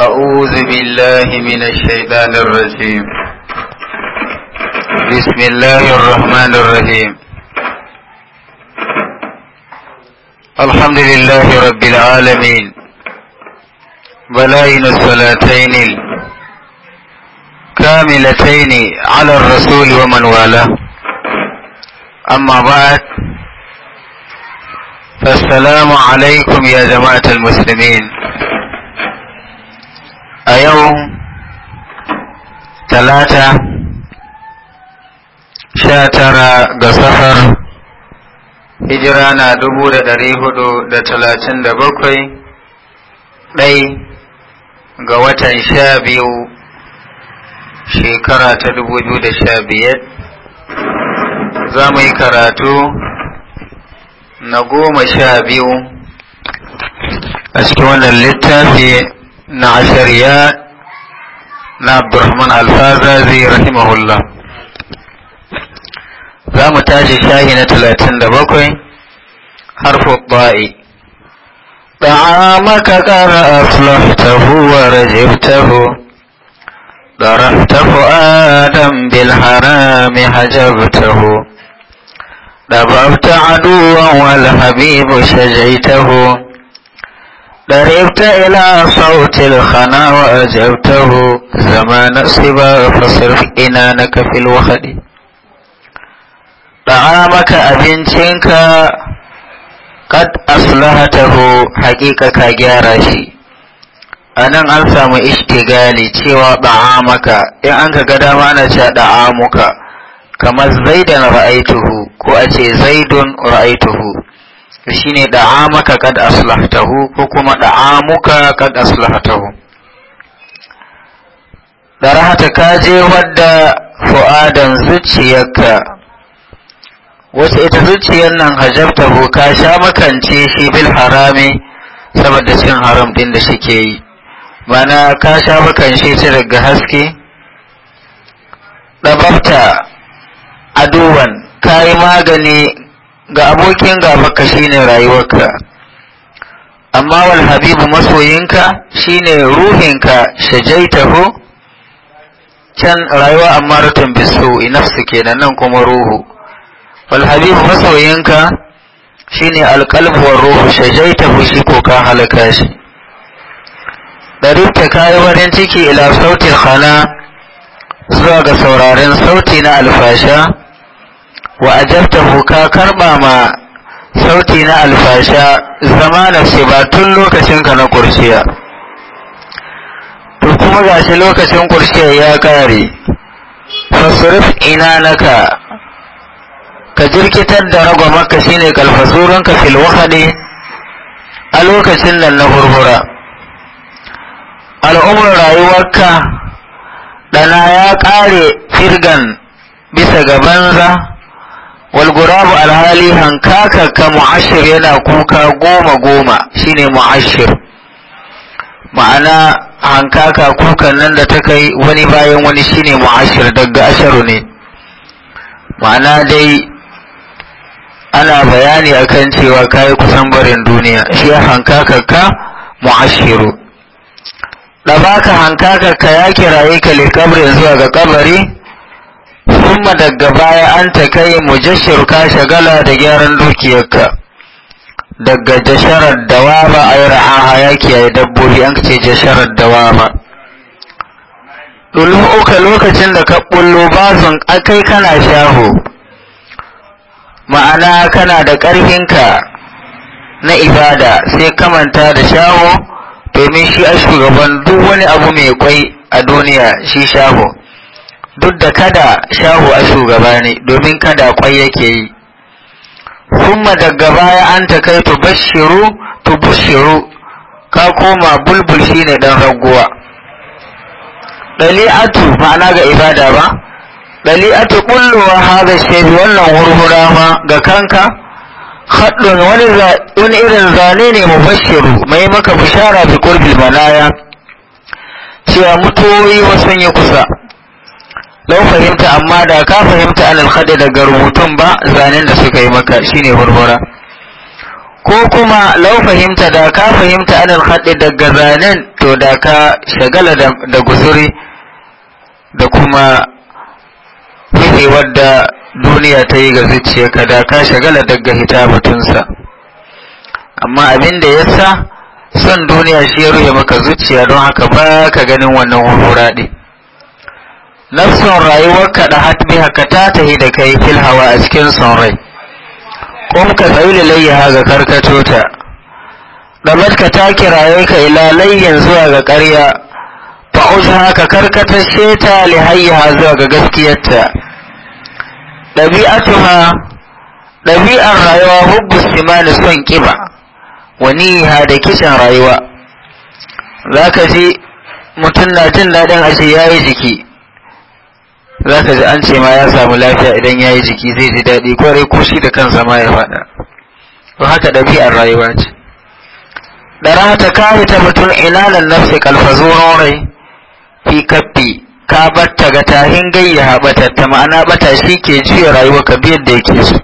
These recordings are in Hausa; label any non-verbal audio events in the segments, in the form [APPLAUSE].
أعوذ بالله من الشيطان الرجيم بسم الله الرحمن الرحيم الحمد لله رب العالمين بلائن الصلاتين الكاملتين على الرسول ومن والاه أما بعد فالسلام عليكم يا جماعة المسلمين a yau talata sha tara ga safar hijira na dubu da dari hudu da talatin da bakwai ɗai ga watan sha biyu shekara ta dubu biyu da sha biyar za mu yi karatu na goma sha biyu a cikin wannan littafi نعشرياء نعبد الرحمن الفازازي رحمه الله za mu tashi shahi na حرف الضائي دعامك كان أصلحته ورجبته ضربت فؤادا بالحرام حجبته دببت عدوا والحبيب شجيته قربت إلى صوت الخنا وأجبته زمان الصبا فصرف إنانك في الوخد طعامك أبنتك قد أصلحته حقيقة كجارشي a nan an samu ishtigali cewa da'amaka in an ka ga dama ana cewa da'amuka kamar zaidan ra'aituhu ko a ce zaidun ra'aituhu shine da'amaka kad aslahtahu ko kuma da'amuka kad aslahtahu darahata je wadda fu'adan zuciyarka wasu ita zuciyar nan hajabtahu ka sha makance shi bil harami saboda cin haram din da shike yi mana ka sha makance shi daga haske dababta aduwan kayi magani ga abokin gabanka shine rayuwarka amma wal habibu masoyinka shine ruhinka shajaitahu can rayuwa amma rutun biso nafsu kenan nan kuma ruhu wal habibu masoyinka shine alqalbu war ruhu shajaitahu shi ko ka halaka shi daribta kayi warin ciki ila sautin khana zuwa ga sauraren sauti na alfasha wa ajabtahu ka karɓa ma sauti na alfasha zamanar shi ba tun lokacinka na kurciya to kuma shi lokacin kurciya ya kare fasurif ina naka ka jirkitar da ragwamarka shine kalfasurinka fil a lokacin nan na hurhura al'umar rayuwarka dana ya kare firgan bisa ga banza Walgurabu alhali هنكاكا كمعشر yana kuka قوم قوم شيني معشر ma'ana hankaka kukan nan da ta kai wani bayan wani shine mu'ashir daga asharu ne ma'ana dai ana bayani akan cewa kayi kusan barin duniya shi hankaka ka mu'ashiru da baka hankaka ka ya kiraye ka likabrin zuwa ga kabari kuma daga baya an ta kai mujashir ka shagala da gyaran dukiyarka daga jasharar dawaba a yi ra'aha ya kiyaye dabbobi an ce jasharar dawaba uka lokacin da ka bullo bazon akai kana shaho ma'ana kana da ƙarfinka na ibada sai ka manta da shaho domin shi a shugaban duk wani abu mai kwai a duniya shi shaho duk da kada shahu a shugaba ne domin kada kwai yake yi kuma daga baya an ta kai tubashiru tubushiru ka koma bulbul shine dan raguwa dali'atu ma'ana ga ibada ba dali'atu kulluwa hada shebi wannan hurhura ma ga kanka haddun wani irin zane ne mubashiru mai maka bishara bi qurbil manaya cewa mutoyi wasan ya kusa lau fahimta amma da ka fahimta alal khadi daga rubutun ba zanen da suka yi maka shine barbara ko kuma lau fahimta da ka fahimta alal khadi daga zanen to da ka shagala da guzuri da kuma hifewar da duniya ta yi ga zuciyarka da ka shagala daga hita batunsa amma abin da yasa son duniya shi ya ruhe maka zuciya don haka ba ka ganin wannan hurhura ɗin nafsun rayuwarka da hatbiha ka ta tahi da kai fil hawa a cikin son rai kum ka tsayi ha ga karkato ta Da ka ta kiraye ka ila layyan zuwa ga ƙarya fa'uzha haka karkatar sheta lihayya zuwa ga gaskiyarta ɗabi'atuha ɗabi'ar rayuwa hubbu simani son ƙiba ha da kishin rayuwa za ka ji mutum na jin daɗin ashe ya yi jiki za ka ji an ce ma ya samu lafiya idan ya yi jiki zai ji daɗi kwarai ko shi da kansa ma ya faɗa to haka ɗabi'ar rayuwa ce ɗara ta kare ta mutum inanan nafsi kalfazuron rai fi kaffi ka batta ga tahin gayya ta ma'ana bata shi ke jiya rayuwa ka biyar da yake so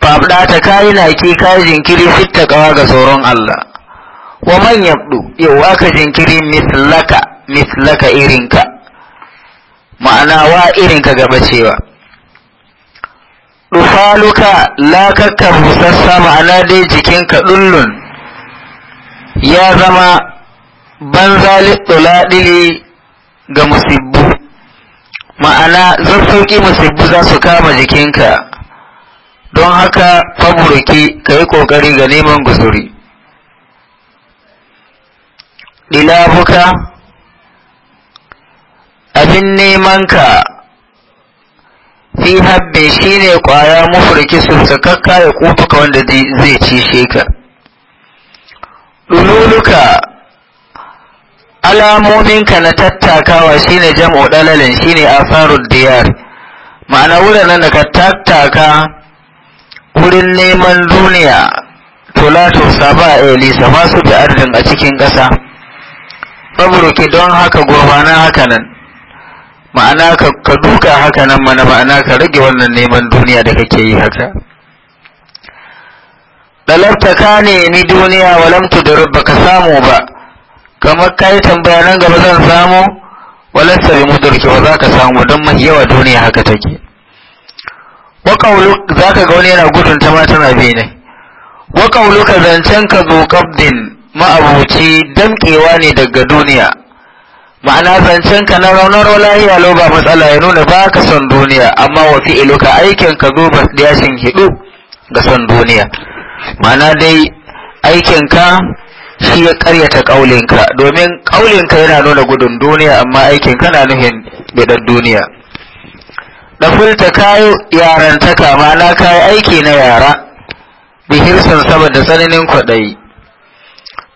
Babda ta na ke kayi jinkiri fitta kawa ga tsoron Allah wa man yabdu yau aka jinkiri mislaka mislaka irinka ma'ana wa irin ka gaba cewa dufaluka lakakka busassa ma'ana dai jikinka dullun ya zama banza tuladili ga musibbu ma'ana zan sauki musibbu za su kama jikinka don haka faburuki ka yi ƙoƙari ga neman guzuri ɗilabuka abin nemanka fi habbe shi ne ƙwaya mafarki su sakakka ya kutuka wanda zai ci ka ɗululuka alamominka na tattakawa shi ne jam'u ɗalalin shi ne diyar ma'ana wuraren da ka tattaka wurin neman duniya tolato saba a elisa masu su bi ardin a cikin ƙasa faburuki don haka gurbana haka nan ma'ana ka duka haka nan mana ma'ana ka rage wannan neman duniya da kake yi haka ɗalabta ka ni duniya walam da ba ka samu ba kamar ka yi tambaya nan gaba zan samu walasta bi mudurki ba za ka samu don mai yawa duniya haka take wa kaulu za ka ga wani yana gudun ta mata na bene. wa kaulu ka zancen ka zo kabdin ma'abuci damƙewa ne daga duniya ma'ana zancen ka na raunar lahiya lo ba matsala ya nuna ba ka son duniya amma wa ka aikin ka zo ba ya hidu ga son duniya ma'ana dai aikin ka shi ya karyata kaulinka domin kaulinka yana nuna gudun duniya amma aikin ka na nuhin bidan duniya da fulta kayo yarantaka ma'ana kayi aiki na yara bihirsan saboda tsananin kwaɗayi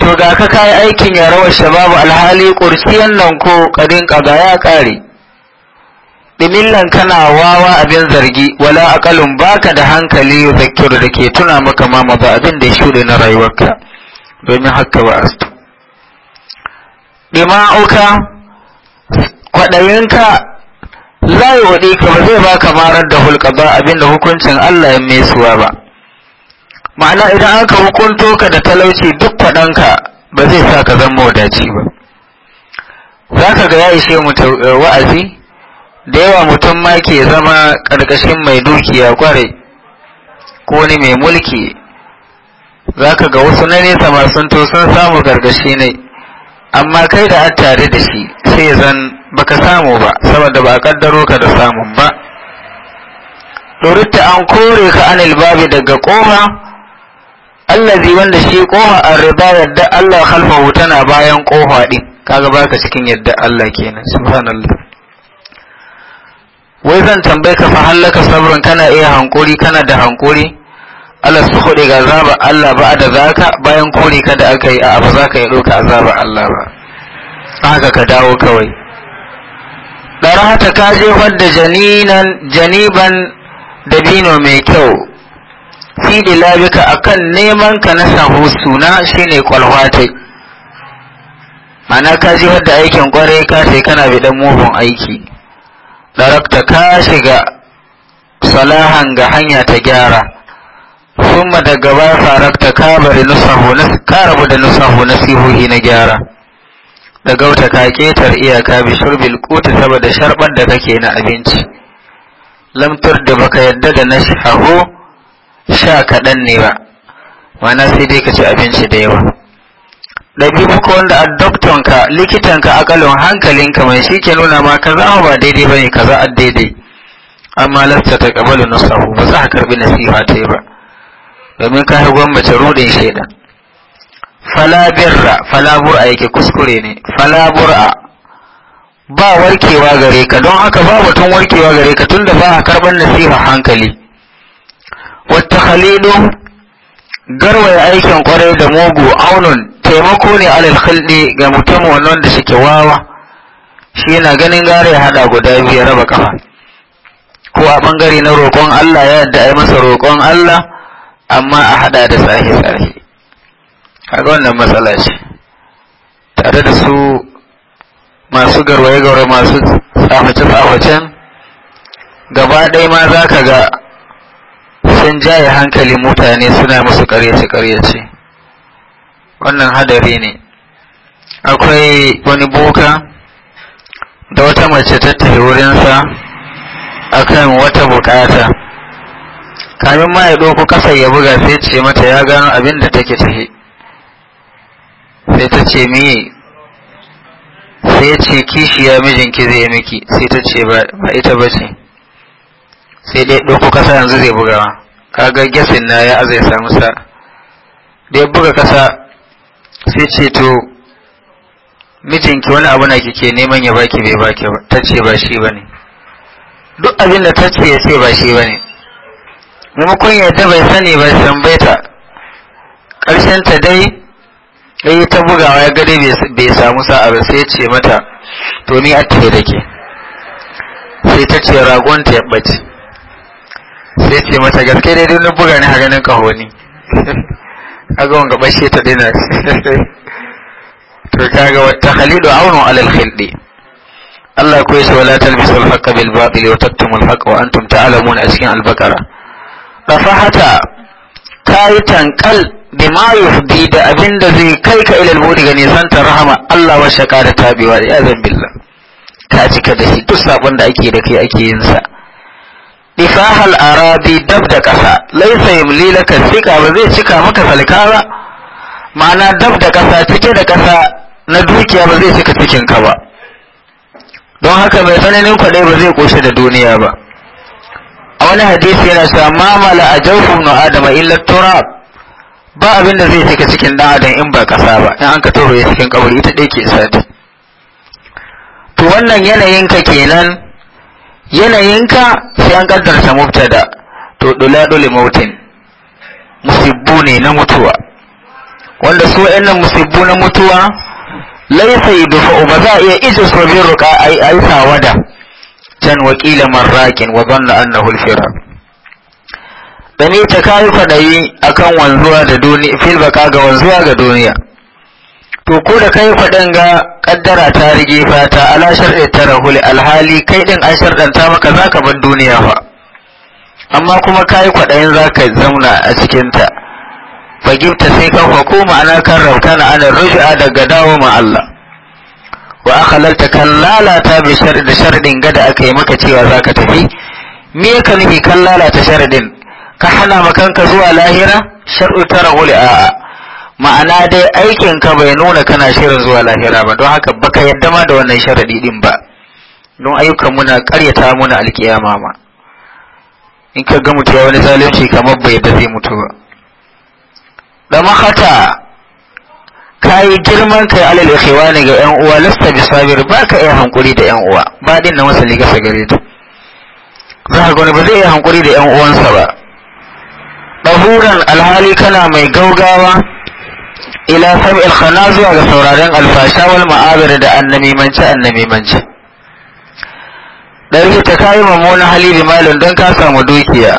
to ga ka kayi aikin ya rawar shababu alhali kursiyan nan ko kadin ƙaga, ya kare dimillan kana wawa abin zargi wala akalun baka da hankali zakiru da ke tuna maka ma maza abin da ya shuɗe na rayuwarka domin haka ba astu dima'uka kwaɗayinka la yi waɗi ka ba zai baka marar da hulka ba abin da hukuncin Allah ya mesuwa ba ma'ana idan aka hukunto ka da talauci duk kwaɗanka ba zai sa ka zama wadaci ba za ka ga ya ishe eh, wa'azi da yawa mutum ma ke zama ƙarƙashin mai dukiya kwarai ko ni mai mulki za ka ga wasu na nesa masu to sun samu gargashi ne amma kai da an tare da shi sai zan baka samu ba saboda ba kaddaro ka da samun ba ɗoritta an kore ka anil babi daga ƙofa allazi wanda shi kofa arriba yadda Allah wuta na bayan koha din kaga baka cikin yadda Allah kenan subhanallah wai zan tambaye ka fa halaka sabrin kana iya hankuri kana da hankuri Allah su hudu ga azaba Allah ba da zaka bayan kore ka da aka yi a ba za yi doka azaba Allah ba haka ka dawo kawai ta ka jefar da janinan janiban dabino mai kyau fi a akan neman ka na samu suna shine kwalwatai mana ka ji da aikin kwarai ka sai kana bidan mugun aiki darakta ka shiga salahan ga hanya ta gyara Sun daga ba farakta ka bari nusahu ka rabu da nusahu nasihuhi na gyara da gauta ka ketar iyaka bi shurbil kuti saboda sharban da kake na abinci lamtar da baka yadda da na nashahu sha kaɗan ne ba Ma'ana sai dai ka ci abinci da yawa ɗabi'u ko wanda a doktonka likitanka akalin hankalinka mai shi ke nuna ma kaza ba daidai ba ne kaza a daidai amma lasta ta kabalu nasahu ba za a karbi nasiha ta yi ba domin ka har gwamnati rudin shaidan Falabirra Falabur'a yake kuskure ne Falabur'a. ba warkewa gare ka don haka ba batun warkewa gare ka tunda ba a karban nasiha hankali wata halilu garwaya aikin kwarai da mugu aunun taimako ne alal khildi ga mutum wannan da suke wawa shi yana ganin gare ya hada guda biyar raba kafa ko a bangare na roƙon Allah ya yadda ai masa roƙon Allah amma a hada da sahi sahi kaga wannan matsala ce tare da su masu garwaye garwaye masu tsaface tsafacen gaba ɗaya ma za ka ga jaye hankali mutane suna musu karyace-karyace wannan hadari ne akwai wani boka da wata mace ta tafi wurinsa akan wata bukata kamin ma ya ɗauko kasa ya buga sai ce mata ya gano abin da take tafi sai ta ce miye sai ya ce kishiya mijinki zai miki sai ta ce ba ita ba ce sai dai ɗauko ƙasa yanzu zai bugawa kaga gesin na ya azai samu sa da ya buga kasa sai ce to mijinki wani abu na kike neman ya baki bai baki ba ta ce ba shi bane duk abin da ta ce ya ce ba shi bane maimakon yadda bai sani bai ta ƙarshen ta dai ya yi ta bugawa ya gade bai samu sa ba sai ce mata to ni a tafi da ke sai ta ce ragon ta ya ɓace sai ce mata gaske dai duk buga ne haka nan kaho ni [LAUGHS] kaga wanga bashe ta dina [LAUGHS] to kaga takhalidu aunu alal khildi Allah ko yasa wala talbisu al-haqqa bil batil wa taktumu al-haqqa wa antum ta'lamun a cikin al-baqara dafahata kai tankal bima yufdi da abinda zai kai ka ila al-budi ga nisanta rahama Allah wa shaka da tabiwa ya zan billah ka cika da shi duk sabon da ake da kai ake yin sa isahal arabi dab da ƙasa laisa yamli laka sika ba zai cika maka salka ba ma'ana dab da ƙasa cike da ƙasa na dukiya ba zai cika cikin ba don haka mai tsananin kwaɗai ba zai ƙoshi da duniya ba a wani hadisi yana cewa mamala a jawfin na adama illa turab ba abin da zai cika cikin ɗan adam in ba ƙasa ba in an ka toro cikin kaburi ita ɗaya ke sati to wannan yanayin ka kenan yanayinka sai an kaddarta mubtada to dula dole mautin musibbu ne na mutuwa wanda su wa'annan musibbu na mutuwa laisa yudfa'u ba za a iya ije su bi ruka ai ai sawada can wakila marrakin wa dhanna annahu alfira dani ta kai fadayi akan wanzuwa da duniya fil baka ga wanzuwa ga duniya to ko da kai faɗin ga kaddara ta rige fata ala shar'i huli alhali kai din an sharɗanta maka za ka bar duniya fa amma kuma kai kwaɗayin ka zauna a cikin ta fagibta sai ka hako ma'ana kan na ana ruj'a daga dawo ma Allah wa akhalalta kan lalata bi shar'i da shar'in gada aka maka cewa za ka tafi me ka nufi kan lalata shar'in ka hana makanka zuwa lahira shar'u huli a'a ma'ana dai aikin ka bai nuna kana shirin zuwa lahira ba don haka baka yadda ma da wannan sharadi din ba don ayyukan muna karyata muna alkiyama ma in ka ga mutuwa wani zalunci kamar bai yadda zai mutu ba da mahata ka yi girman kai alal ikhwani ga yan uwa lasta bi sabir ba ka iya hankuri da yan uwa ba din na masa liga sagare ta za ka gani ba zai iya hankuri da yan uwansa ba ɗahuran alhali kana mai gaugawa ila sam'il khana zuwa ga sauraren alfasha wal ma'abir da annamimance annamimance ɗari ta kayi mummunan hali da dan don ka samu dukiya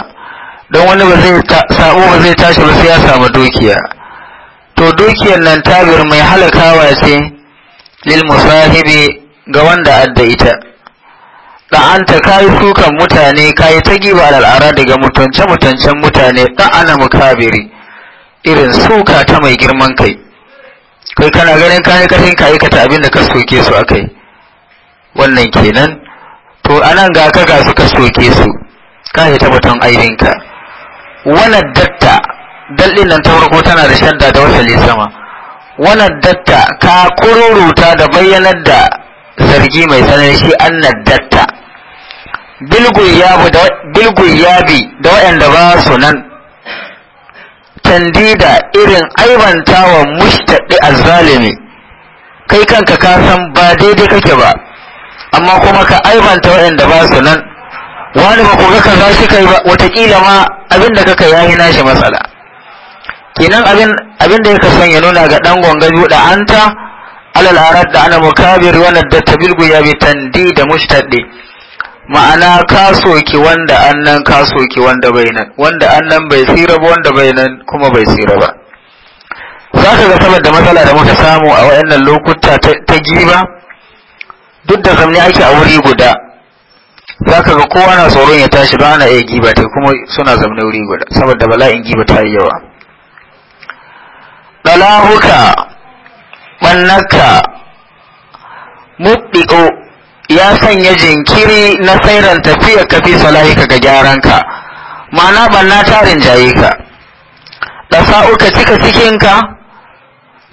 don wani ba zai sabo ba zai tashi ba sai ya samu dukiya to dukiyar nan tabir mai halakawa ce lil musahibi ga wanda adda ita da'anta kayi sukan mutane kayi ta giba al'ara daga mutunce mutuncen mutane da'ana mukabiri irin suka ta mai girman kai kai kana ganin kayi karfin ka aikata abin da ka soke su kai? wannan kenan to anan ga ka ga suka soke su ka ta batun airinka wannan datta dallin nan ta farko tana da shadda da wasali sama wannan datta ka kururuta da bayyanar da zargi mai tsanani shi annan datta bilguyabi da waɗanda ba su nan tandida irin aibantawa mushtaɗi azzalimi kai kanka ka san ba daidai kake ba amma kuma ka aibanta waɗanda ba su nan wani ba ku ka za shi kai ba watakila ma abin da kaka yayi nashi matsala kenan abin abin da yake son ya nuna ga dan gonga da anta alal arad da ana mukabir wa nadda tabilgu ya bi tandi da mushtaddi ma'ana ka soki wanda annan ka soki wanda bai nan wanda annan bai tsira ba wanda bai nan kuma bai tsira ba za ka ga saboda matsala da muka samu a wayannan lokuta ta giba duk da zamani ake a wuri guda za ka ga kowa na tsoron ya tashi ba ana iya giba ta kuma suna zamani wuri guda saboda bala'in giba ta yi yawa ɗalahuka ɓannaka muɗi'o ya sanya jinkiri na sairan tafiya ka fi ka ga ka ma'ana banna tarin jaye ka da sauka cika cikin ka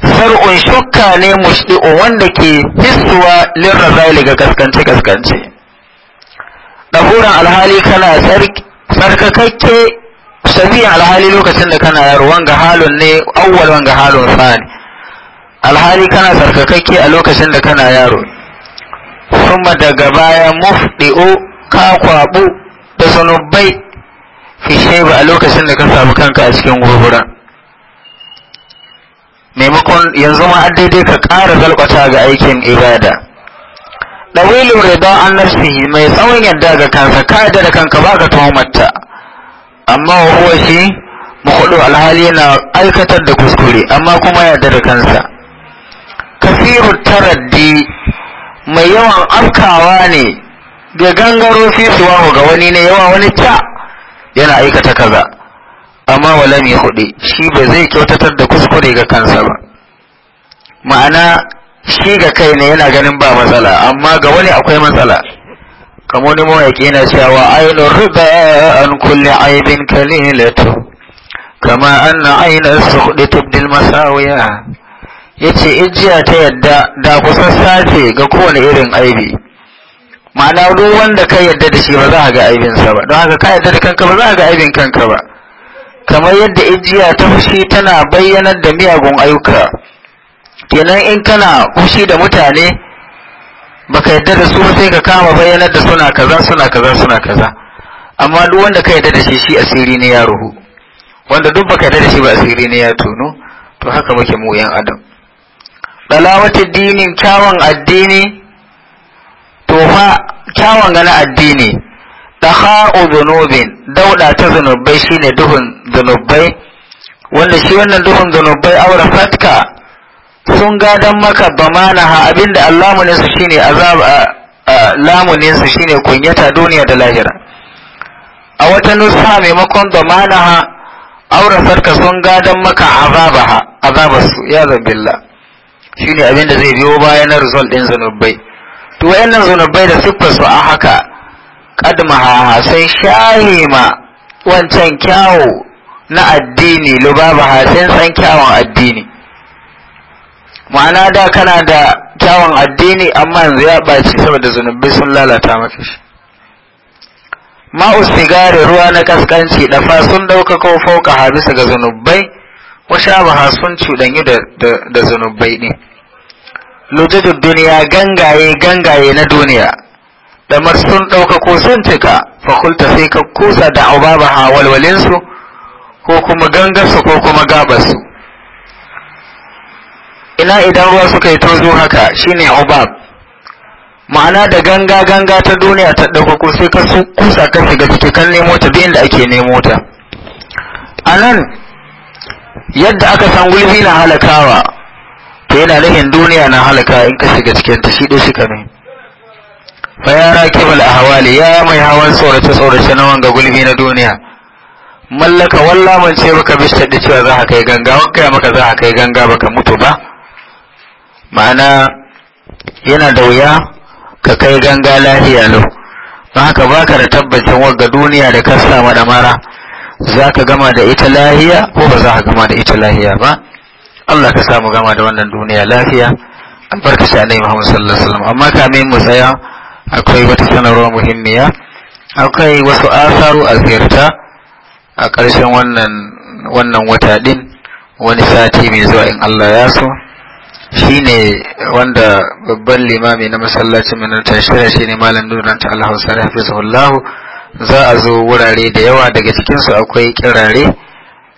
sar'un shukka ne mushdi'u wanda ke hissuwa lirrazali ga gaskance gaskance ɗahuran alhali kana sarkakakke shabi alhali lokacin da kana yaro wanga halun ne awwal wanga halun sani alhali kana sarkakakke a lokacin da kana yaro summa daga baya mufdi'u ka kwabu da zunubai fi shaiba a lokacin da ka samu kanka a cikin gobura maimakon yanzu ma daidai ka ƙara zalkwata ga aikin ibada dawilin rida an nafsihi mai tsawon yadda ga kansa ka da kanka ba ka tuhumarta amma wa huwa shi muhudu alhali yana aikatar da kuskure amma kuma yadda da kansa kasiru taraddi mai yawan afkawa ne da gangaro fi ga wani ne yawa wani ta yana aikata kaza amma wala mai hudu shi ba zai kyautatar da kuskure ga kansa ba ma'ana shi ga kai ne yana ganin ba matsala amma ga wani akwai matsala kamar ni mawaƙi yana cewa ainihin riba an kulle aibin kalilatu kama an na ainihin su hudu tubdil masawiya ya ce ijiya ta yadda da kusan sace ga kowane irin aibi ma'ana duk wanda ka yadda da shi ba za a ga aibinsa ba don haka ka yadda da kanka ba za a ga aibin kanka ba kamar yadda ijiya ta fushi tana bayyanar da miyagun ayyuka kenan in kana fushi da mutane baka yadda da su ba sai ka kama bayyanar da suna kaza suna kaza suna kaza amma duk wanda ka yadda da shi shi asiri ne ya ruhu wanda duk baka yadda da shi ba asiri ne ya tono to haka muke mu yan adam ɗalawata dinin kyawun addini to fa kyawun gana addini ɗaha'u zunubin dauɗa ta zunubai shine duhun zunubai wanda shi wannan duhun zunubai aure fatka sun gadon maka ha abinda allamuninsu shine azab lamuninsu shine kunyata duniya da lahira a wata nusa maimakon ha aure fatka sun gadon maka azabaha azabarsu ya zambilla shine abin da zai biyo bayan na result din zunubai to wayannan zunubai da siffar su a haka ha sai shahima wancan kyawu na addini lubaba sai san kyawun addini ma'ana da kana da kyawun addini amma yanzu ya ɓaci saboda zunubi sun lalata maka shi ma'u sigari ruwa na kaskanci dafa sun ɗauka ko fauka bisa ga zunubai abu ba sun cuɗanyi da zunubai ne lujajin duniya gangaye gangaye na duniya damar sun ko sun cika fakulta sai ka kusa da ubaba ha walwalinsu ko kuma gangarsu ko kuma gabarsu ina idan ruwa suka yi tozo haka shine ubab ma'ana da ganga ganga ta duniya ta ko sai ka kusa ka shiga ciki kan nemo ta da inda ake nemo ta a yadda aka san gulbi na halakawa yana nufin duniya na halaka in ka shiga cikin ta shi dai shi kame fa ya rakibul ahwali ya mai hawan tsorace tsorace na wanga gulbi na duniya mallaka walla man ce baka bishta da cewa za ka kai ganga wanka maka za ka kai ganga baka mutu ba ma'ana yana da wuya ka kai ganga lafiya lau don haka baka da tabbacin wanga duniya da ka samu da mara za ka gama da ita lahiya ko ba za ka gama da ita lahiya ba Allah ka samu gama da wannan duniya lafiya shi annabi Muhammad sallallahu alaihi wasallam amma kamin mu tsaya akwai wata sanarwa muhimmiya akwai wasu asaru a ziyarta a ƙarshen wannan wannan wata din wani sati mai zuwa in Allah ya so shine wanda babban limami na masallacin minarta shirya shine malam nuran ta Allah hausare hafizahullahu za a zo wurare da yawa daga cikin su akwai kirare